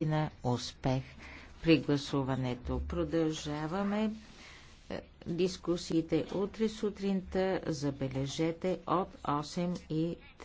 и на успех при гласуването. Продължаваме е, дискусиите утре сутринта. Забележете от 8 и